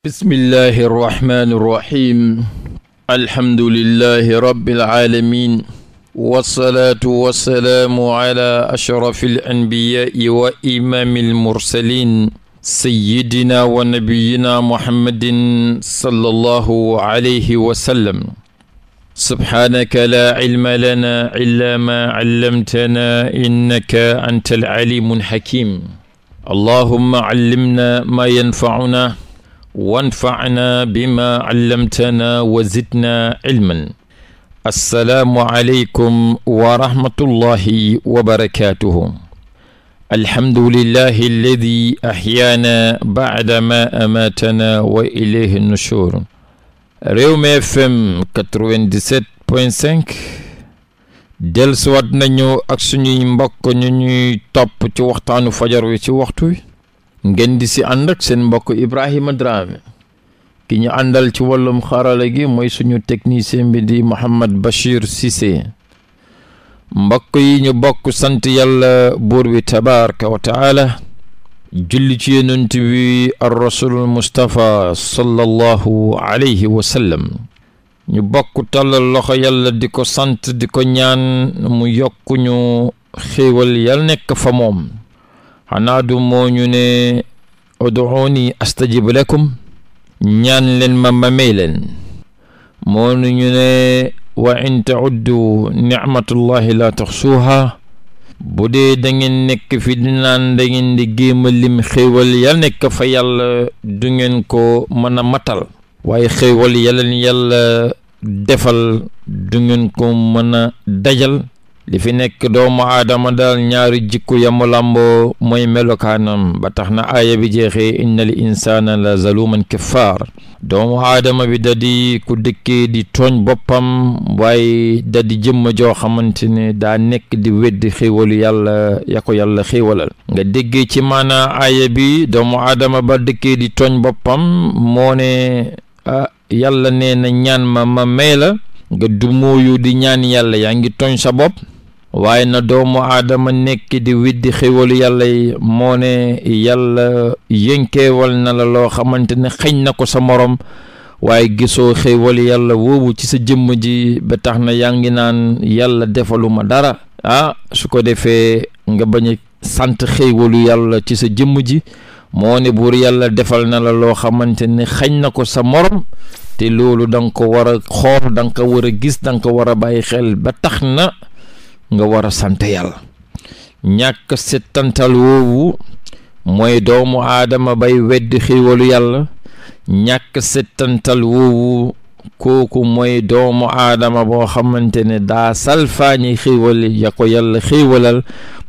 bismillahi irrahmani irrahim alhamdulilahi rabiilalamin walsalaatu walsalaamu ala ashrafi alanbiyaai wa imaami almursalin sayidina wa nabiyina muhammadin sallallahu alayhi wa sallam subhaanaka laa cilma lanaa illaa maa callamtanaa innaka anta alcaliimu alxakiim allahumma callimna maa yanfacunaa wanfacnaa bimaa callamtanaa wa zidnaa cilman assalaamu aleykum wa rahmatullahi wa barakaatuhu alhamdulillahi alladi axyaanaa bacdamaa amaatanaa wa ilayhi nushuur Rewmi FM 97.5 dellusiwaat nañu ak suñuy mbokk ñu ñuy topp ci waxtaanu fajar wi ci waxtu wi ngeen di si ànd ak seen mbokk Ibrahima Dramé ki ñu àndal ci wàllum xarala gi mooy suñu technicien mbi di Mohamed Bachir sise mbokk yi ñu bokk sant yàlla buur bi tabaraka wa taala julli ci yonent bi ar rasulul mustapha sallallahu alayhi wa ñu bokk tàllal loxo yàlla di ko sant di ko ñaan mu yokkuñu xéewal yàlla nekk fa moom xanaa du moo ñu ne astajib lakum ñaan leen ma ma may leen moo ñu ne wa in tauddu nicmatullahi laa taxsuuha bu dee dangeen nekk fi dinaan da ngeen di géema lim xéewal ya nekk fa yàlla du ngeen ko mën a matal waaye xéewal ya leen yàlla defal du ngeen ko mën a dajal li fi nekk doomu aadama daal ñaari jikko yamu làmboo mooy melokaanam ba tax na aaya bi jeexee inna al insaana la zaluman kaffaar doomu aadama bi dadi ku dëkkee di tooñ boppam waaye dadi jëmm joo xamante ne daa nekk di weddi xéewalu yàlla ya ko yàlla xéewalal nga déggee ci maanaa aaya bi doomu aadama ba dëkkee di tooñ boppam moo ne yàlla nee na ñaan ma ma may la nga dumóoyu di ñaan yàlla yaa ngi tooñ sa bopp waaye na doomu aadama nekk di widdi xéwalu yàlla yi moo ne yàlla yënkeewal na la loo xamante ne xëñ na ko sa morom waaye gisoo xéwalu yàlla woowu ci sa jëmm ji ba na yaa ngi naan yàlla defaluma dara ah su ko defee nga bañ sant xéwalu yàlla ci sa jëmm ji moo ne buur yàlla defal na la loo xamante ne xëñ na ko sa morom te loolu da ko war xoor xool da war a gis danga ko war a bàyyi xel ba tax na nga war a sant yàlla ñàkk settantal woowu mooy doomu aadama bay wedd xéewalu yàlla ñàkk settantal woowu kooku mooy doomu aadama boo xamante ne daa salfaañi xéewal ya ko yàlla xéewalal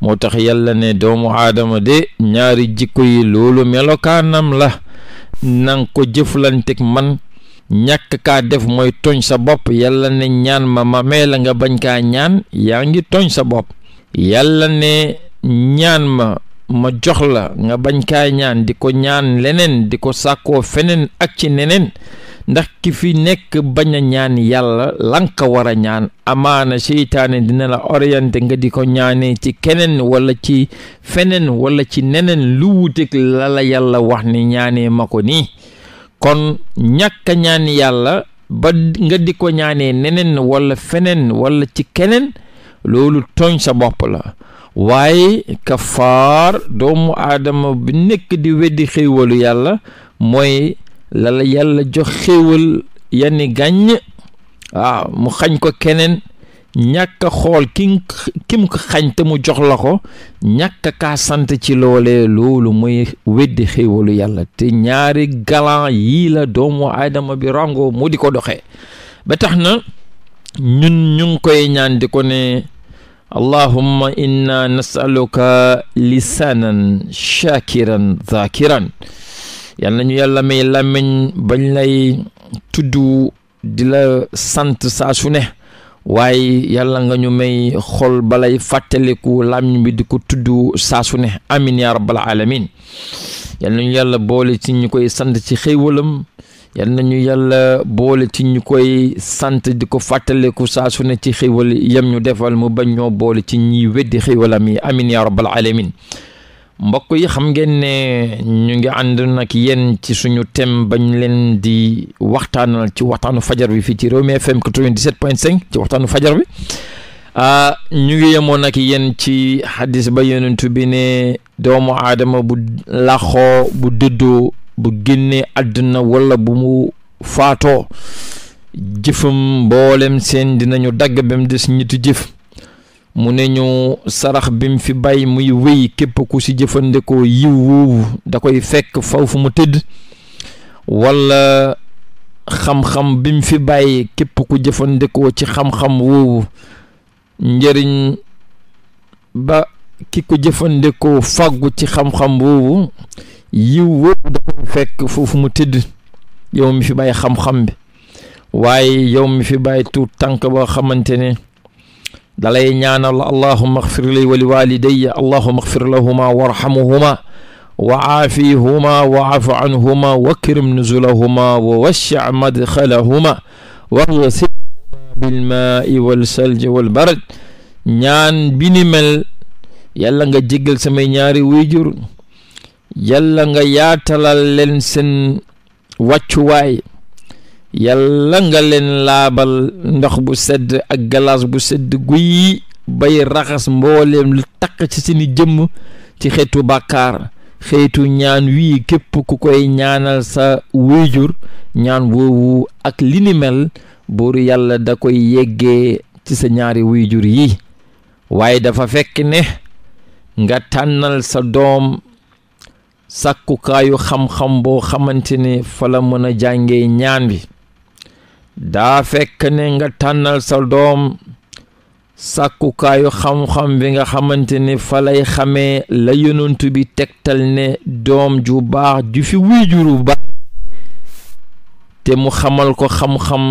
moo tax yàlla ne doomu aadama de ñaari jikko yi loolu melokaanam la nang ko jëflanteeg man ñàkk kaa def mooy tooñ sa bopp yàlla ne ñaan ma ma mee la nga bañ kaa ñaan yaa ngi tooñ sa bopp yàlla ne ñaan ma ma jox la nga bañ kaa ñaan di ko ñaan leneen di ko sàkkoo feneen ak ci neneen ndax ki fi nekk bañ a ñaan yàlla lanka war a ñaan amaana seytaane dina la orienté nga di ko ñaanee ci keneen wala ci feneen wala ci neneen lu wuuteeg la la yàlla wax ni ñaanee ma ko nii kon ñàkk a yàlla ba nga di ko ñaanee neneen walla feneen walla ci keneen loolu tooñ sa bopp la waaye kafaar doomu aadama bi nekk di weddi xéewalu yàlla mooy lal yàlla jox xéewal yanni gàññ waaw mu xañ ko keneen ñàkk a xool ki kim xañ te mu jox la ko ñàkk kaa sant ci loolee loolu muy weddi xéewalu yàlla te ñaari galan yii la doomu aadama bi rango mu di ko doxe ba tax na ñun ñu koy ñaan di ko ne allahumma inna nasaluka lisanan shakiran zakiran yal nañu yàlla may làmmiñ bañ lay tudd di la sant saa su ne waaye yàlla nga ñu may xol balay fàttaliku làmmiñ bi di ko tudd saasu ne amin ya rabbal alamin yal nañu yàlla boole ci ñu koy sant ci xéewalam yal nañu yàlla boole ci ñu koy sant di ko fàttaliku saasu ne ci xéewal yam ñu defal mu bañ ñoo boole ci ñiy weddi xéewalam yi amin ya rabbal alamin mbokk yi xam ngeen ne ñu ngi ànd nag yéen ci suñu thème bañ leen di waxtaanal ci waxtaanu fajar bi fii ci Rewmi FM 97.5 ci waxtaanu fajar bi ah, ñu ngi yemoon nag yéen ci xadis ba yonent bi ne doomu aadama bu laxoo bu dëddoo bu génnee àdduna wala bu mu faatoo jëfam mboolem seen dinañu dagg bem des ñitti jëf mu ne ñu sarax bi mu fi bàyyi muy wéy képp ku si jëfandikoo yiw woowu da koy fekk faw fu mu tëdd walla xam-xam bi mu fi bàyyi képp ku jëfandikoo ci xam-xam woowu njëriñ ba ki ko jëfandikoo fàggu ci xam-xam woowu yiw woowu da koy fekk foofu mu tëdd yow mu fi bàyyi xam-xam bi waaye yow mi fi bàyyi tuut tànk boo xamante ne dalay ñaanal allahuma axfir li wa li walidaya allahuma axfir lahuma warxamuhuma wa aafihuma wa afu anhuma wa kirim nuzulahuma wa washi madxalahuma waxsilhuma bilmaai walsalji walbarad ñaan bi ni mel yàlla nga jéggal samay ñaari waajur yàlla nga yaatalal leen seen wàccuwaay yàlla nga leen laabal ndox bu sedd ak galaas bu sedd guyi bay raxas mboolem lu takk ci seeni jëmm ci xeetu bàkkaar xeetu ñaan wii képp ku koy ñaanal sa wéyjur ñaan woowu ak li buur yàlla da koy yeggee ci sa ñaari wéyjur yi waaye dafa fekk ne nga tànnal sa doom sàkkukaayu xam-xam boo xamante ne fa la mën a jànge ñaan bi daa fekk ne nga tànnal sa doom sàkkukaayu xam-xam bi nga xamante ne falay lay xamee la yonent bi tegtal ne doom ju baax ju fi wuy juru te mu xamal ko xam-xam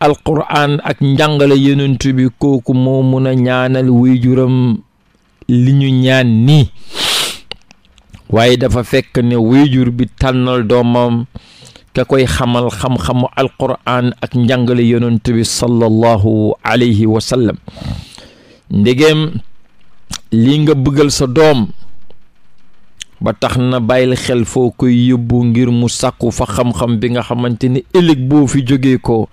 alquran ak njàngale yonent bi kooku moo mun a ñaanal wuy juram li ñu ñaan nii waaye dafa fekk ne wuy bi tànnal doomam ka koy xamal xam-xamu alquran ak njàngale yonent bi sallallahu alayhi wa sallam ndegem lii nga bëggal sa doom ba tax na bàyyil xel foo koy yóbbu ngir mu sàkku fa xam-xam bi nga xamante ni ëllëg boo fi jógee ko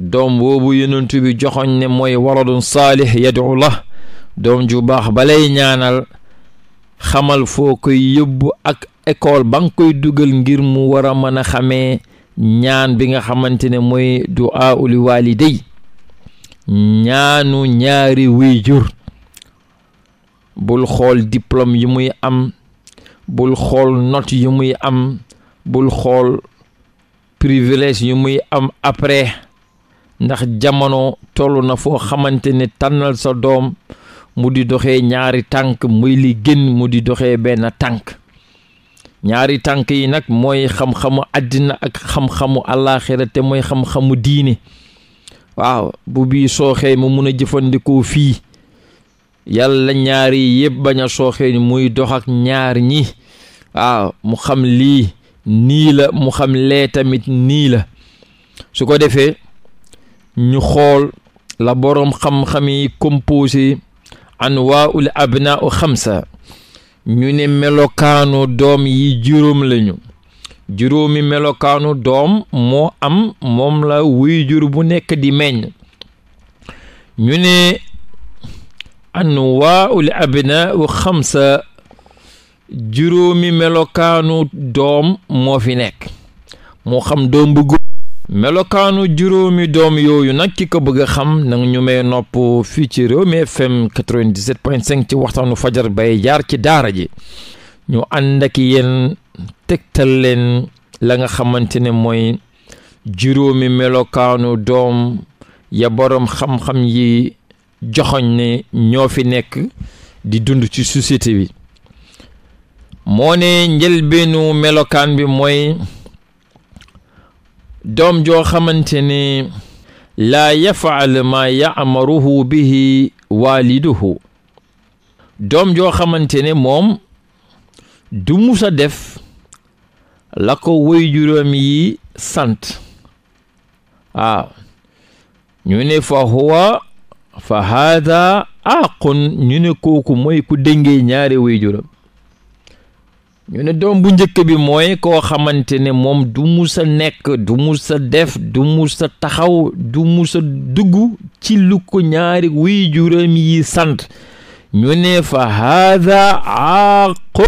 doom boobu yonent bi joxoñ ne mooy waladun saalih yadu la doom ju baax balay ñaanal xamal foo koy yóbbu ak ekool ba nga koy dugal ngir mu war a mën a xamee ñaan bi nga xamante ne mooy duaa uli waaliday ñaanu ñaari waajur bul xool diplôme yi muy am bul xool note yi muy am bul xool privilège yi muy am après ndax jamono tollu na foo xamante ne tànnal sa doom mu di doxee ñaari tànk muy li gën mu di doxee benn tànk ñaari tànk yi nag mooy xam-xamu àddina ak xam-xamu àllaaxira te mooy xam-xamu diine waaw bu bii sooxee mu mën a jëfandikoo fii yàlla ñaari yëpp bañ a sooxee muy dox ak ñaar ñi waaw mu xam lii nii la mu xam lee tamit nii la su ko defee ñu xool la boroom xam-xam yi composé anwaa ul abnaa u xamsa ñu ne melokaanu doom yi juróom lañu juróomi melokaanu doom moo am moom la wuy jur bu nekk di meññ ñu ne anwaa'ul abnaa'u xamsa juróomi melokaanu doom moo fi nekk moo xam doom bu góor melokaanu juróomi doom yooyu nag ki ko bëgg a xam nag ñu may nopp fii ci Rewmi FM 97.5 ci waxtaanu fajar bay jaar ci daara ji ñu ànd ak yéen tegtal leen la nga xamante ne mooy juróomi melokaanu doom ya boroom xam-xam yi joxoñ ne ñoo fi nekk di dund ci société bi moo ne njëlbeenu melokaan bi mooy doom joo xamante ne laa yafaal ma yaamaruhu bihi waaliduhu doom joo xamante ne moom du musa def la ko juróom yi sant waaw ñu ne fa huwa fa haada aqun ñu ne kooku mooy ku déngee ñaari woy ñu ne doom bu njëkk bi mooy koo xamante ne moom du musa nekk du musa def du musa taxaw du musa dugg ci lu ñaari wuy juróom yi sant ñu ne fa haada aaqo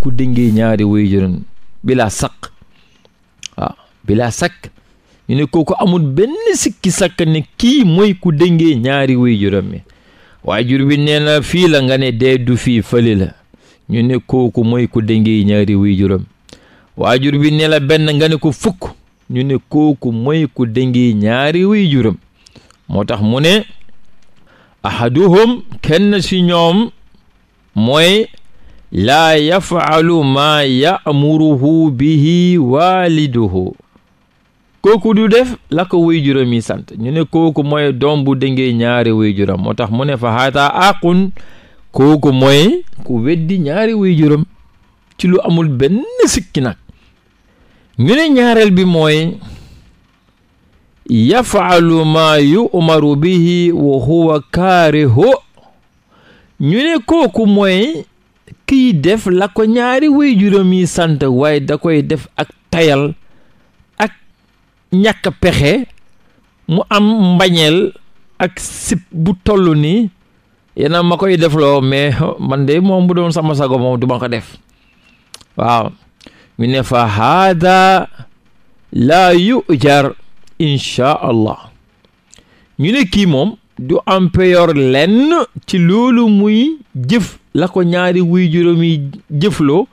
ku dëngee ñaari wuy juróom bilaa saq waaw bilaa saq ñu ne kooku amul benn sikki sàkk ne kii mooy ku dëngee ñaari wuy juróom yi waajur bi nee na fii la nga ne dee du fii fële la ñu ne kooku mooy ku dëngee ñaari waajuram waajur bi nela benn nga ne ko fukk ñu ne kooku mooy ku dëngee ñaari waajuram moo tax mu ne ahaduhum kenn ci ñoom mooy laa yafalu maa yaamuruhu bihi waaliduhu kooku du def lakk ko waajuram yi sant ñu ne kooku mooy doom bu dëngee ñaari waajuram moo tax mu ne fa haata aqun kooku mooy ku weddi ñaari waajuram ci lu amul benn sikki nag ñu ne ñaareel bi mooy yafalu maa yu'maru bihi wa huwa kaarihu ñu ne kooku mooy kiy def la ko ñaari waajuram yi sant waaye da koy def ak tayal ak ñakk pexe mu am mbañeel ak sib bu tollu ni yéen ma koy defloo mais man de moom bu doon sama sago moom du ma ko def waaw mu ne fa haada laa yujar inchaa allah ñu ne kii moom du am peyor lenn ci loolu muy jëf la ko ñaari wuy juróomi jëfloo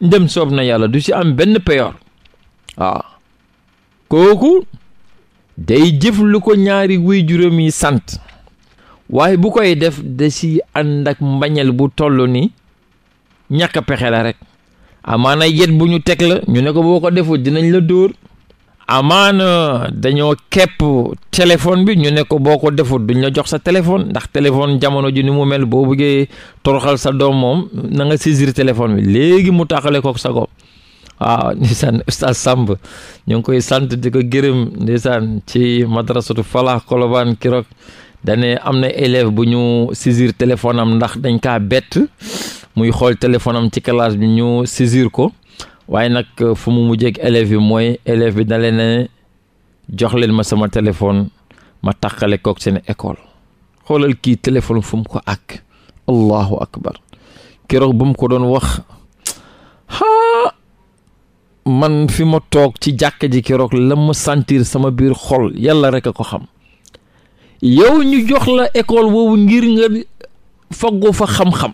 ndem soob na yàlla du ci am benn peyor waaw kooku day jëf lu ko ñaari wuy juróomi sant waaye bu koy def da si ànd ak mbañal bu toll ni ñàkk pexe la rek amaana yet bu ñu teg la ñu ne ko boo ko deful dinañ la dóor amaana dañoo kepp téléphone bi ñu ne ko boo ko defut duñ la jox sa téléphone ndax téléphone jamono ji ni mu mel boo buggee toroxal sa doom moom na nga saisir téléphone bi léegi mu taxale ko sa ko waaw ndeysaan oustaz sàmb ñu ngi koy sant di ko gërëm ndeysaan ci madrasatu Falah Kolobaan Kirok dane am na élève bu ñu saisir téléphone ndax dañ kaa bett muy xool téléphone am ci classe bi ñu saisir ko waaye nag euh, fu mu mujjeek ak élève bi mooy élève bi dalee ne jox leen ma sama téléphone ma tàqale kook seen école xoolal kii téléphone fu mu ko ak allahu akbar keroog bu mu ko doon wax haa man fi ma toog ci jàkka ji keroog la ma sentir sama biir xol yàlla rek a ko xam yow ñu jox la école woowu ngir nga faggu fa xam-xam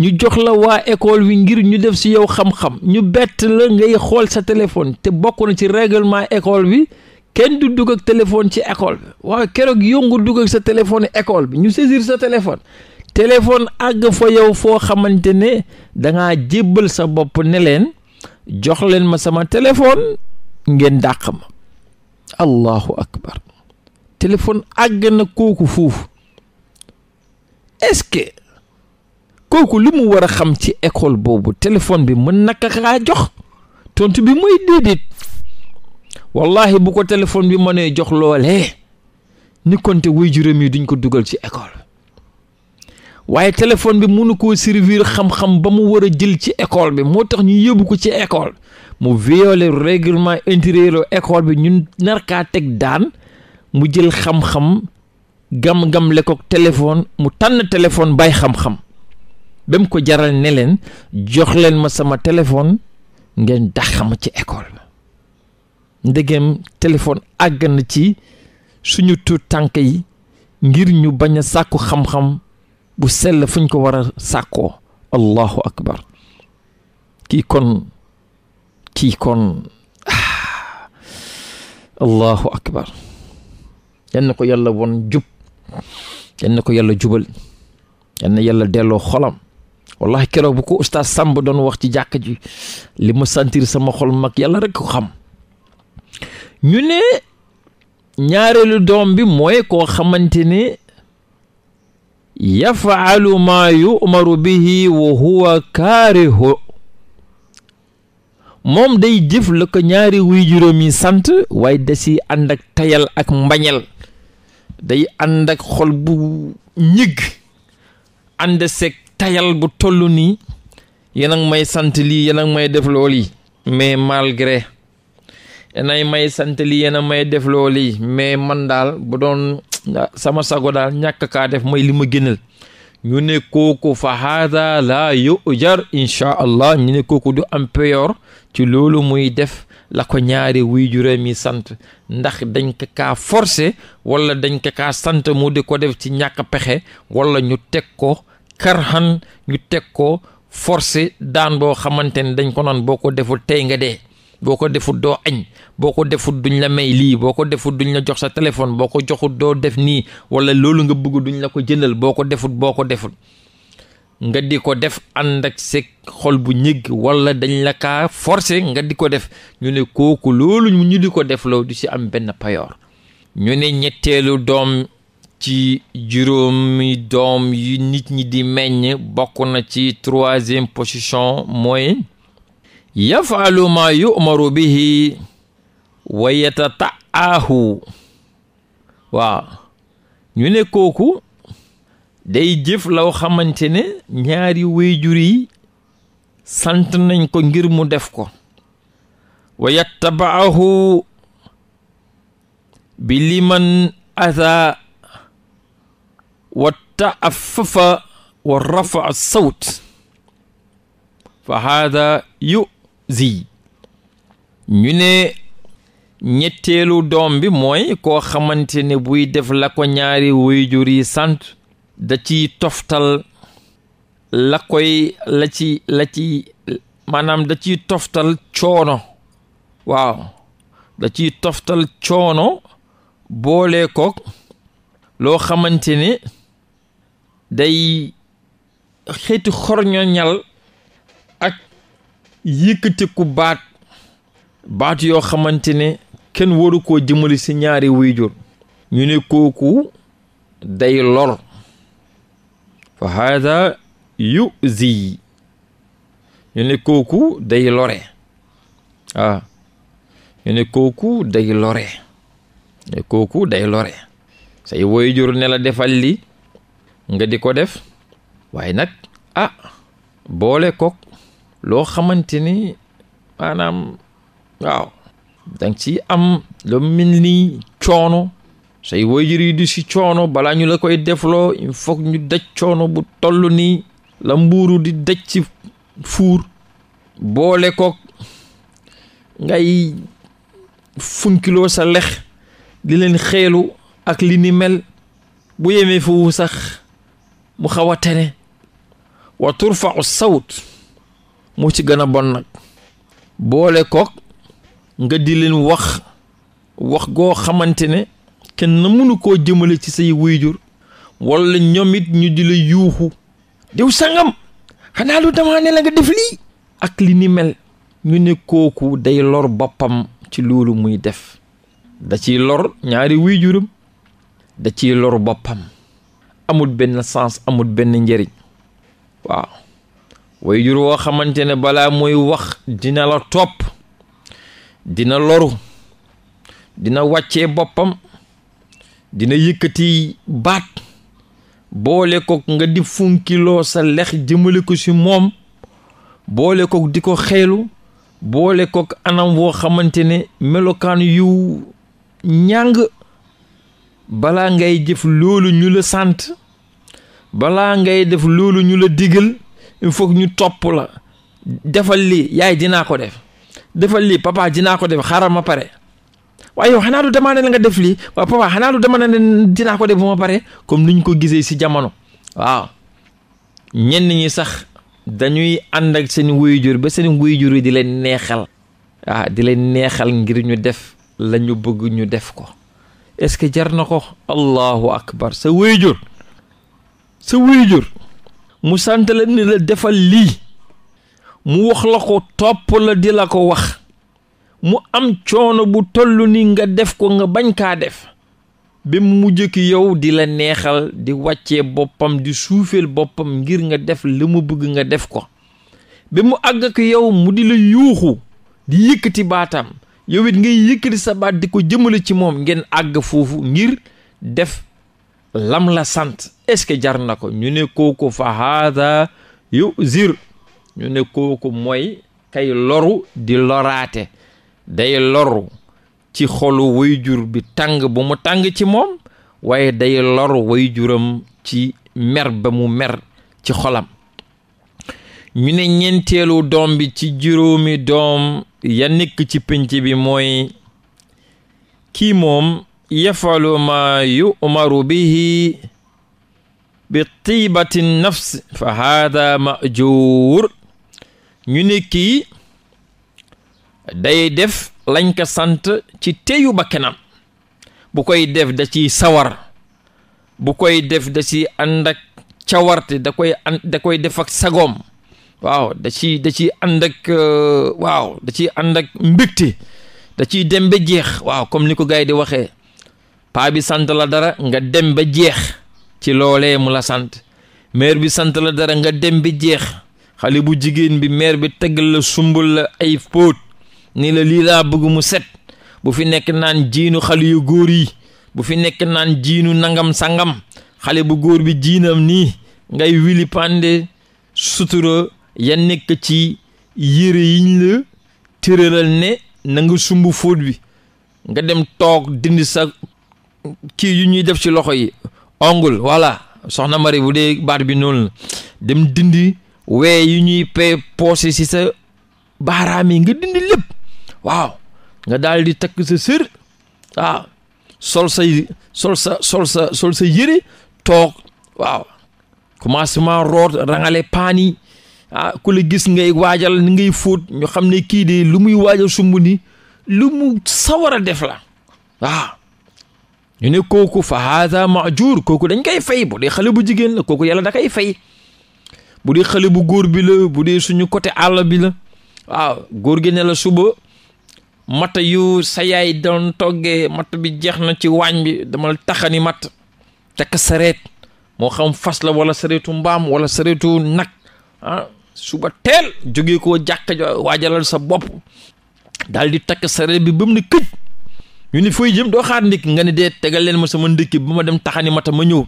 ñu jox la waa école wi ngir ñu def si yow xam-xam ñu bett la ngay xool sa téléphone te bokk na ci règlement école bi kenn du dugg ak téléphone ci école bi waaw keroog yow nga dugg ak sa téléphone école bi ñu saisir sa téléphone téléphone àgg fa yow foo xamante ne dangaa jébbal sa bopp ne leen jox leen ma sama téléphone ngeen dàq ma allahu téléphone àgg na kooku foofu est kooku li mu war a xam ci école boobu téléphone bi mën naka kaa jox tontu bi mooy déedéet wallahi bu ko téléphone bi mënee jox loolee ni konte way juróom yi duñ ko dugal ci école waaye téléphone bi mënu koo servir xam-xam ba mu war a jël ci école bi moo tax ñu yóbbu ko ci école mu violer règlement intérieur école bi ñun narkaa teg daan mu jël xam-xam gam-gam le ko téléphone mu tànn téléphone bàyyi xam-xam ba mu ko jaral ne leen jox leen ma sama téléphone ngeen dàq ma ci ekool ndegem téléphone àgg na ci suñu tuut tànk yi ngir ñu bañ a sàkku xam-xam bu sell fuñ ko war a sàkkoo allahu akbar kii kon kii kon ah, allahu akbar yan na ko yàlla won jub yan na ko yàlla jubal yan na yàlla delloo xolam wallahi keroog bu ko oustaz Samb doon wax ci jàkk ji li ma sentir sama xol mag yàlla rek ko xam ñu ne ñaareelu doom bi mooy koo xamante ne yafaalu bi yumaru bihi wa huwa moom day jëf la ko ñaari wuy juróom yi sant waaye da si ànd ak tayal ak mbañel day ànd ak xol bu ñëgg ànd seeg tayal bu tollu nii yéen a may sant lii yéen a ngi may def lool mais malgré yéen a may sant lii yéen a may def lool mais man daal bu doon sama sago daal ñàkk kaa def mooy li ma gënal ñu ne kooku fa haada laa yu jar incha allah ñu ne du am peyor ci loolu muy def la ko ñaari wuy juróom sant ndax dañ ko kaa forcé wala dañ ko kaa sant mu di ko def ci ñàkk pexe wala ñu teg ko karhan ñu teg ko forcé daan boo xamante ne dañ ko noon boo ko deful tey nga dee boo ko defut doo añ boo ko defut duñ la may lii boo ko defut duñ la jox sa téléphone boo ko joxut doo def nii wala loolu nga bëgg duñ la ko jëndal boo ko defut boo ko deful nga di ko def ànd ak sa xol bu ñëgg wala dañ la kaa forcé nga di ko def ñu ne kooku loolu ñu di ko def loo ci am benn payoor ñu ne ñetteelu doom ci juróomi doom yu nit ñi di meññ bokk na ci troisième position mooy yafalu ma yu'maru bihi wa yatata'ahu waaw ñu ne kooku day jëf law xamante ne ñaari wéyjur yi sant nañ ko ngir mu def ko wa yattabaahu bi liman atha wa taafafa wa rafaa sawt fa haada yuzi ñu ne ñetteelu doom bi mooy koo xamante ne buy def la ko ñaari wéyjur yi sant da ci toftal la koy la ci la ci maanaam da ciy toftal coono waaw da ciy toftal coono boole ko loo xamante ne day xeeti xorñoñal ak yëkkatiku baat baat yoo xamante ne kenn waru koo jëmali si ñaari jur ñu ne kooku day lor fa haada yuzi ñu ne kooku day lore a ñu ne kooku day lore ñu ne kooku day lore say waajur ne la defal li nga di ko def waaye nag ah, boole kook loo xamante ni maanaam waaw danga ci am lu mel ni coono say wayjur yi du si coono balaa ñu la koy defloo il faut ñu daj coono bu toll nii la mbuuru di daj ci fuur boole ko ngay funkiloo sa lex di leen xeelu ak li ni mel bu yemee foofu sax mu xaw a tene wa turfau sawt mu ci gën a bon nag boole ko nga di leen wax wax goo xamante ne kenn mënu koo jëmale ci say wayjur walla ñoom it ñu di la yuuxu diw sangam xanaa lu dama ne nga def lii ak li ni mel ñu ne kooku day lor boppam ci loolu muy def da ciy lor ñaari wayjuram da ciy lor boppam amul benn sens amul benn njëriñ waaw wayjur woo xamante ne balaa muy wax dina la topp dina loru dina wàccee boppam dina yëkkati baat boole ko nga di funkiloo sa lex jëmale ko ci moom boole ko di ko xeelu boole ko anam woo xamante ne melokaan yu ñàng balaa ngay jëf loolu ñu la sant balaa ngay def loolu ñu la digal il faut ñu topp la defal lii yaay dinaa ko def defal lii papa dinaa ko def xaaral ma pare waaye yow xanaa du demandé la nga def lii waaw papa xanaa du demandé ne dinaa ko def bu ma pare comme ni ñu ko gisee si jamono waaw ñenn ñi sax dañuy ànd ak seen wuyjur ba seen wuyjur yi di leen neexal ah di leen neexal ngir ñu def la ñu bëgg ñu def ko est-ce que jar na ko allahu akbar sa wuyjur sa wuyjur mu sant la la defal lii mu wax la ko topp la di la ko wax mu am coono bu toll ni nga def ko nga bañ kaa def ba mu mujj ki yow di la neexal di wàccee boppam di suufeel boppam ngir nga def li mu bëgg nga def ko ba mu àgg ko yow mu di la yuuxu di yëkkati baatam yow it ngay yëkkati sa baat di ko jëmale ci moom ngeen àgg foofu ngir def lam la sant est-ce que jar na ko ñu ne kooku fa haada yu zir ñu ne kooku mooy kay loru di loraate day loru ci xolu wayjur bi tàng bu mu tàng ci moom waaye day loru wayjuram ci mer ba mu mer ci xolam ñu ne ñeenteelu doom bi ci juróomi doom ya nekk ci pénc bi mooy kii moom yafalu ma yu'maru bihi bi tiibati nafs fa haada majuur ñu ne kii day def lañ ko sant ci teyu bakkanam bu koy def da ciy sawar bu koy def da ci ànd ak cawarte da koy an da koy def ak sagoom waaw da ci da ciy ànd ak euh, waaw da ciy ànd ak mbégte da ciy dem ba jeex waaw comme ni ko gars di waxee paa bi sant la dara nga dem ba jeex ci loolee mu la sant maire bi sant la dara nga dem ba jeex xale bu jigéen bi maire bi tegal la sumbul la ay póot ni la lii laa bëgg mu set bu fi nekk naan jiinu xale yu góor yi bu fi nekk naan jiinu nangam sangam xale bu góor bi jiinam nii ngay wili pande sutura ya nekk ci yére yiñ la tëralal ne nanga nga sumb fóot bi nga dem toog dind sa kii yu ñuy def ci loxo yi ongul voilà soxna mari bu dee baat bi noonu la dem dind wee yu ñuy pe poose si sa baaraam yi nga dindi lépp waaw nga daal di takk sa sër waaw sol say sol sa sol sa sol sa yëre toog waaw commencement root rangale paan yi ah ku la gis ngay waajal ni ngay foot ñu xam ne kii de lu muy waajal sumb ni lu mu sawar a def la waaw ñu ne kooku fa haada majuur kooku dañ koy fay bu dee xale bu jigéen la kooku yàlla da koy fay bu dee xale bu góor bi la bu dee suñu côté àll bi la waaw góor gi ne la suba matt yu sa yaay doon toggee matt bi jeex na ci waañ bi damal taxani matt takk sareet moo xam fas la wala sareetu mbaam wala sareetu nag ah suba teel jógee koo jàkk waajalal sa bopp daal di takk sareet bi ba mu ne këj ñu ni fooy jëm doo xaar ndékki nga ne dee tegal leen ma sama ndékki ba ma dem taxani matt ma ñëw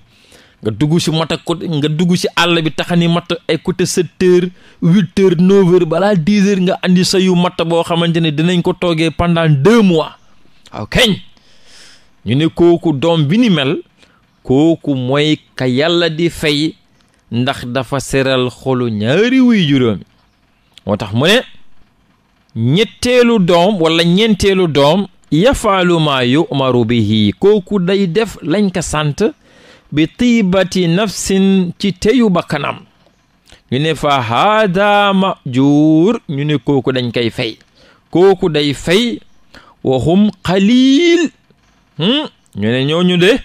nga dugg si mat ak côté nga dugg si àll bi taxani matt ay côté sept heures huit balaa dix heures nga andi sa yu matt boo xamante ne dinañ ko toogee pendant deux mois waaw kañ ñu ne kooku doom bi ni mel kooku mooy ka yàlla di fay ndax dafa seral xolu ñaari wuy juróomi moo tax mu ne ñetteelu doom walla ñeenteelu doom yafaalu maa bi bihi kooku day def lañ ko sant bi tiibati nafsin ci teyu bakkanam ñu ne fa haada majuur ñu ne kooku dañ koy fay kooku day fay waxum xaliil hmm? ñu ne ñooñu de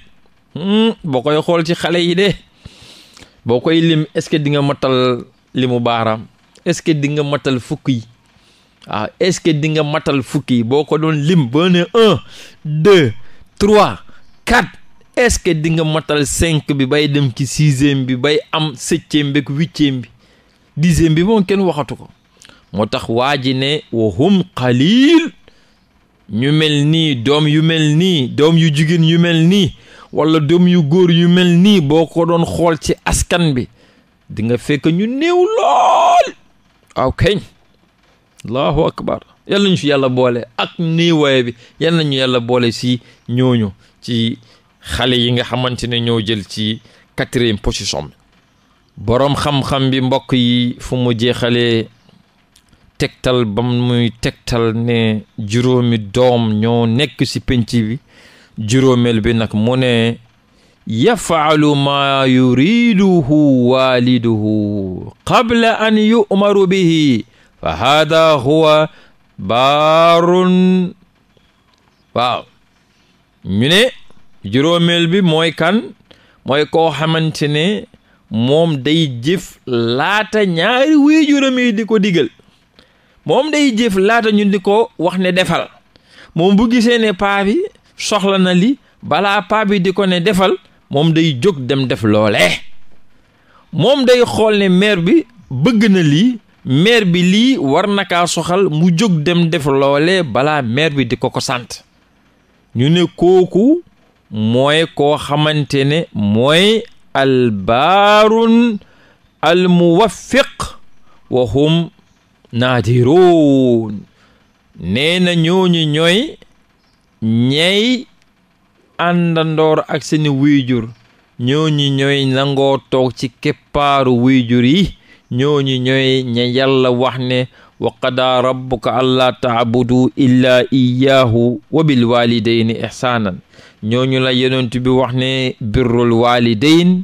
hmm? boo koy xool ci xale yi de boo koy lim est-ce que di nga matal limu baaraam est-ce que di nga matal fukk yi waaw ah, est-ce que di matal fukki boo ko doon lim boo ne un trois quatre est-ce que di nga matal cinq bi bay dem ci sixième bi bay am septième bi ak bi dixième bi moom kenn waxatu ko moo tax waa ji ne wa hum qalil ñu mel nii doom yu mel nii doom yu jigéen yu mel nii wala doom yu góor yu mel nii boo ko doon xool ci askan bi dinga fekk ñu néew lool aw kañ allahu akbar yàlla ñu fi yàlla boole ak néewaay bi yàlla ñu yàlla boole si ñooñu ci xale yi nga xamante ne ñoo jël ci quatrième position boroom xam-xam bi mbokk yi fu mu jeexalee tegtal ba muy tegtal ne juróomi doom ñoo nekk ci penc bi juróomeel bi nag mu ne yafaalu maa yuriduhu waaliduhu qabla an yu'maru bihi fa haada huwa baarun waaw juróomeel bi mooy kan mooy koo xamante ne moom day jëf laata ñaari wii juróom yi di ko digal moom day jëf laata ñu di ko wax ne defal moom bu gisee ne paa soxla na li balaa paa bi di ko ne defal moom day jog dem def loolee moom day xool ne maire bi bëgg na li maire bi lii war na soxal mu jóg dem def loolee balaa maire bi di ko ko sant ñu ne kooku mooy koo xamante ne mooy albaarun almuwaffiq wa hum naadiruun nee na ñooñu ñooy ñey àndandoor ak seeni wuyjur ñooñu ñooy nangoo toog ci keppaaru wuyjur yi ñooñu ñooy ña wax ne wa qadaa rabbuka allaa taabudu illaa iyaahu wa bilwaalidayni ihsaanan ñooñu la yonent bi wax ne birrul waalidayn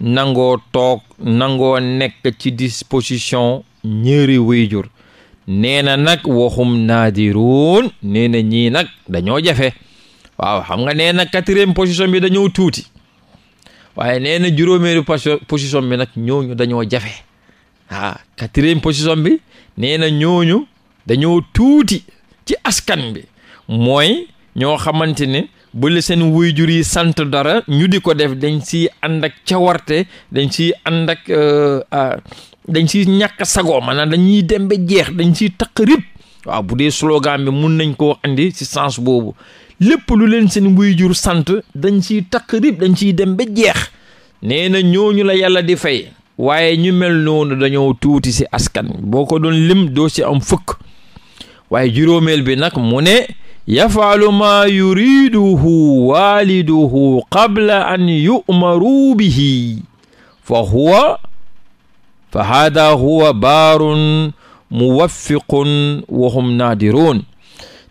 nangoo toog nangoo nekk ci disposition ñaari wayjur nee na nag waxum naadiruun nee na ñii nag dañoo jafe waaw xam nga nee na quatrième position bi dañoo tuuti waaye nee na juróomeelu position bi nag ñooñu dañoo jafe ah quatrième position bi nee na ñooñu dañoo tuuti ci askan bi mooy ñoo xamante ne bu la seen wuyjur yi sant dara ñu di ko def dañ si ànd ak cawarte dañ si ànd ak euh, ah, dañ si ñàkk sagoo maanaam dañuy dem ba jeex dañ siy taq rib waaw bu dee slogan bi mun nañ ko andi si sens boobu lépp lu leen seen wuyjur sant dañ siy taq rib dañ siy dem ba jeex nee na ñooñu la yàlla di fay waaye ñu mel noonu dañoo tuuti si askan boo ko doon lim doo si am fukk waaye juróomeel bi nag mu yafaalu maa yuriduhu waaliduhu qabla an yu'maru bihi fa huwa fa haada huwa baarun muwaffiqun wa hum naadiruun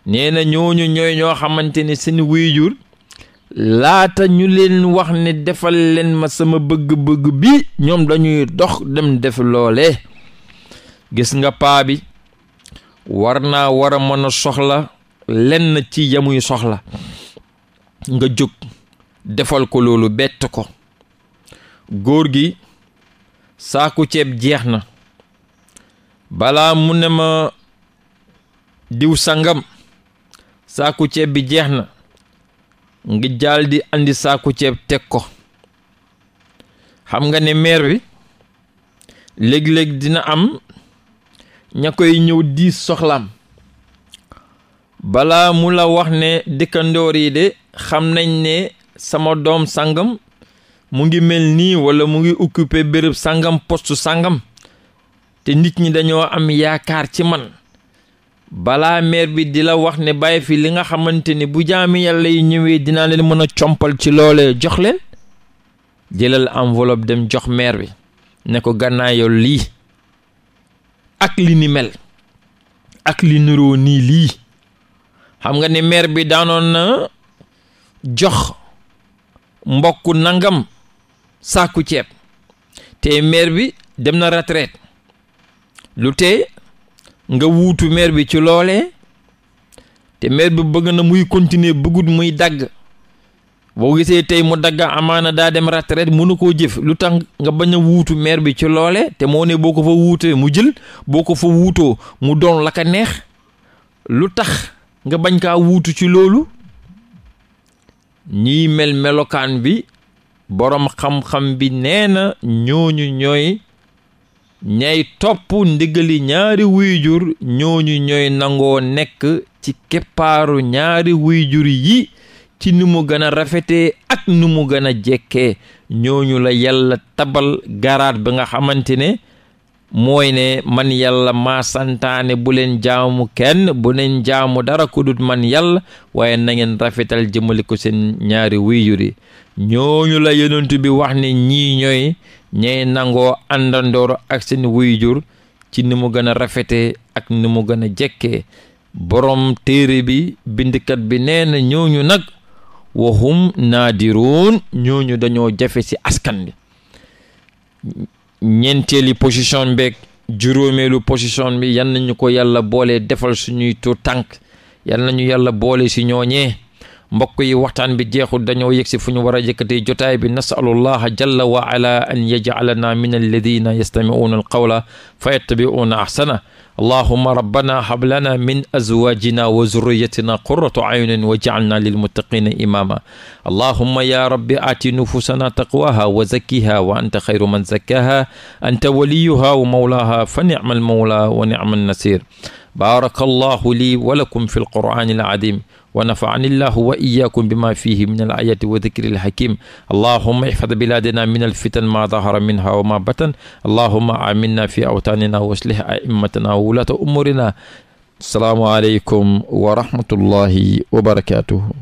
nee na ñooñu ñooy ñoo xamante ne seen wéyjur laata ñu leen wax ne defal leen ma sama bëgg-bëgg bi ñoom dañuy dox dem def loole gis nga paa bi war naa war a soxla lenn ci yamuy soxla nga jóg defal ko loolu bett ko góor gi saaku ceeb jeex na balaa mu ne ma diw sangam saaku ceeb bi jeex na nga jaal di andi saaku ceeb teg ko xam nga ne meer wi léeg-léeg dina am ña koy ñëw di soxlaam balaa mu la wax ne dëkkandoor yi de xam nañ ne sama doom sangam mu ngi mel nii wala mu ngi occupé bërëb sangam poste sangam te nit ñi dañoo am yaakaar ci man balaa maire bi di la wax ne bàyyi fi li nga xamante ni bu jaami yàlla yi ñëwee dinaa leen mën a compal ci loolee jox leen jëlal enveloppe dem jox maire bi ne ko gànnaayool lii ak li ni mel ak li nuroo nii lii xam nga ni maire bi daanoon na jox mbokku nangam sàkku ceeb te maire bi dem na retraite lu tee nga wuutu maire bi ci loole te maire bi bëgg na muy continuer bëggut muy dagg boo gisee tey mu dagg amaana daa dem retraite mënu koo jëf lu tax nga bañ a wuutu meer bi ci loole te moo ne boo ko fa wuutee mu jël boo ko fa wuutoo mu doon la neex lu tax nga bañ kaa wuutu ci loolu ñiy mel melokaan bi boroom xam-xam bi nee na ñooñu ñooy ñay topp ndigali ñaari wuyjur ñooñu ñooy nangoo nekk ci keppaaru ñaari wuyjur yi ci nu mu gën a rafetee ak nu mu gën a jekkee ñooñu la yàlla tabal garaat bi nga xamante ne mooy ne man yàlla maa santaane bu leen jaamu kenn bu leen jaamu dara ku man yàlla waaye na ngeen rafetal jëmale ko seen ñaari wuyjur yi ñooñu la yonent bi wax ne ñii ñooy ñay nangoo àndandoor ak seen wuyjur ci ni mu gën ak ni mu gën a borom téere bi bindkat bi neena ñooñu nag waxum naadiruun ñooñu dañoo jafe ci askan bi ñeenteeli position beeg juróomeelu position bi yan ñu ko yàlla boolee defal suñuy tu tànk yan nañu yàlla boole si ñooñee mbokk yi waxtaan bi jeexul dañoo yegg si fu ñu war a yëkkatee jotaay bi nasalullaha jalla wa ala an yajcalana min alladina yastamicuuna alqawla fa yattabicuuna axsana allahuma rabbana hab lana min azwajina wa zurriyatina qurratu ayunin wa jacalna lilmuttaqina imama allahuma ya rabbi aati nufusana taqwaha wa zakkiha wa anta xayru man zakkaha anta waliyuha wa mawlaha fa nicma almawla wa nicma annasir baraka allahu li wa lakum fi alqur'ani alazim wa nafaani llahu wa iyaakum bima fihi min al ayati wa dikri al hakim allahuma ihfad biladana min al fitan ma dahara minha wa ma batan allahuma aminna fi awtanina wa aslih aimmatana wa wulata umurina asalaamu aleykum wa rahmatullahi wa barakatuhu